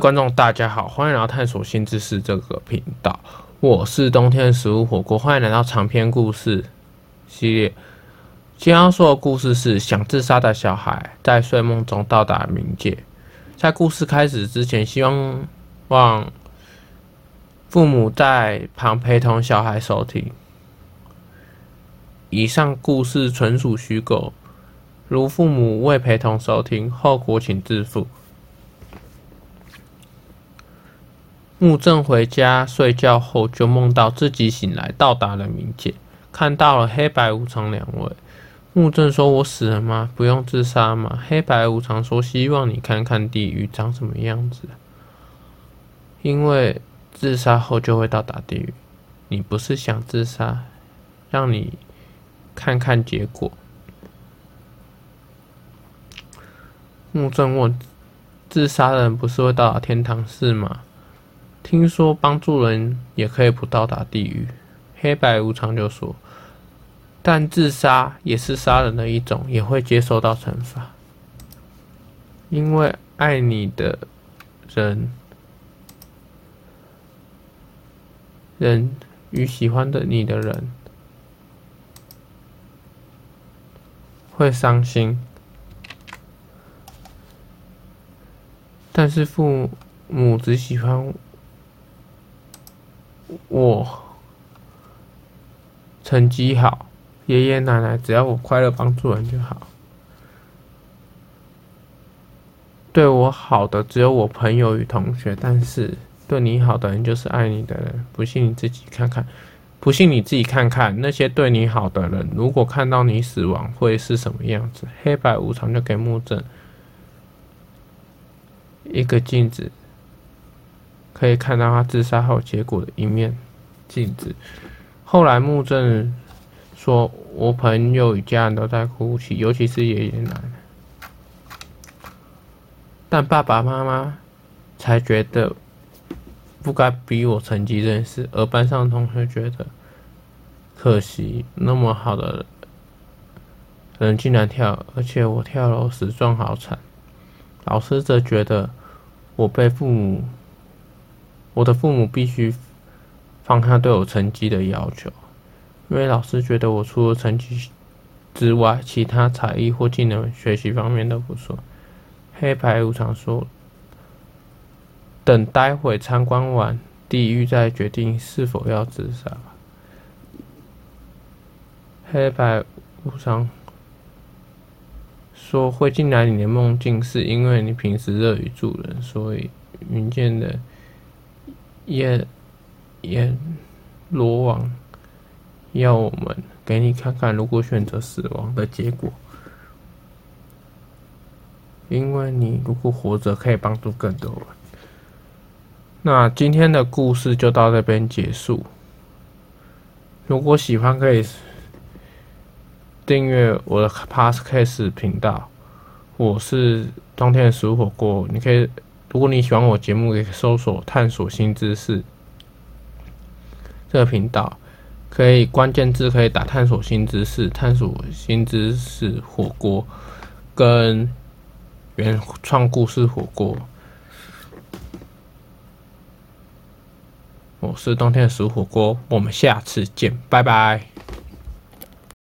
各位觀眾大家好，歡迎來到探索新知識這個頻道。我是冬天食物火鍋，歡迎來到長篇故事系列。今天要說的故事是想自殺的小孩在睡夢中到達冥界。在故事開始之前，希望望父母在旁陪同小孩收聽。以上故事純屬虛構，如父母未陪同收聽，後果請自負。木正回家睡覺後，就夢到自己醒來，到達了冥界，看到了黑白無常兩位。木正說：“我死了嗎？不用自殺嗎？”黑白無常說：“希望你看看地獄長什麼樣子，因為自殺後就會到達地獄。你不是想自殺，讓你看看結果。”木正問：“自殺的人不是會到天堂，是嗎？”聽說幫助人也可以不到達地獄。黑白無常就說，但自殺也是殺人的一種，也會接受到懲罰，因為愛你的人，人與喜歡的你的人會傷心，但是父母只喜歡我成績好，爺爺奶奶只要我快樂，幫助人就好。對我好的只有我朋友與同學，但是對你好的人就是愛你的人，不信你自己看看，不信你自己看看那些對你好的人，如果看到你死亡會是什麼樣子？黑白無常就給目證一個鏡子。可以看到他自殺後結果的一面鏡子。後來木正說：“我朋友與家人都在哭泣，尤其是爺爺奶奶。但爸爸媽媽才覺得不該逼我成績認識，而班上的同學覺得可惜，那麼好的人竟然跳，而且我跳樓死狀好慘。老師則覺得我被父母。”我的父母必須放下對我成績的要求，因為老師覺得我除了成績之外，其他才藝或技能、學習方面都不錯。黑白無常說，等待會參觀完地獄再決定是否要自殺。黑白無常說，會進來你的夢境是因為你平時樂於助人，所以雲間的。也也羅王要我們給你看看，如果選擇死亡的結果，因為你如果活着可以幫助更多人。那今天的故事就到這邊結束。如果喜歡，可以訂閱我的 Podcast 頻道。我是冬天的食物火鍋，你可以。如果你喜歡我節目，也可以搜索“探索新知識”這個頻道，可以關鍵字可以打“探索新知識”、“探索新知識火鍋”跟“原創故事火鍋”。我是冬天的食火鍋，我們下次見，拜拜。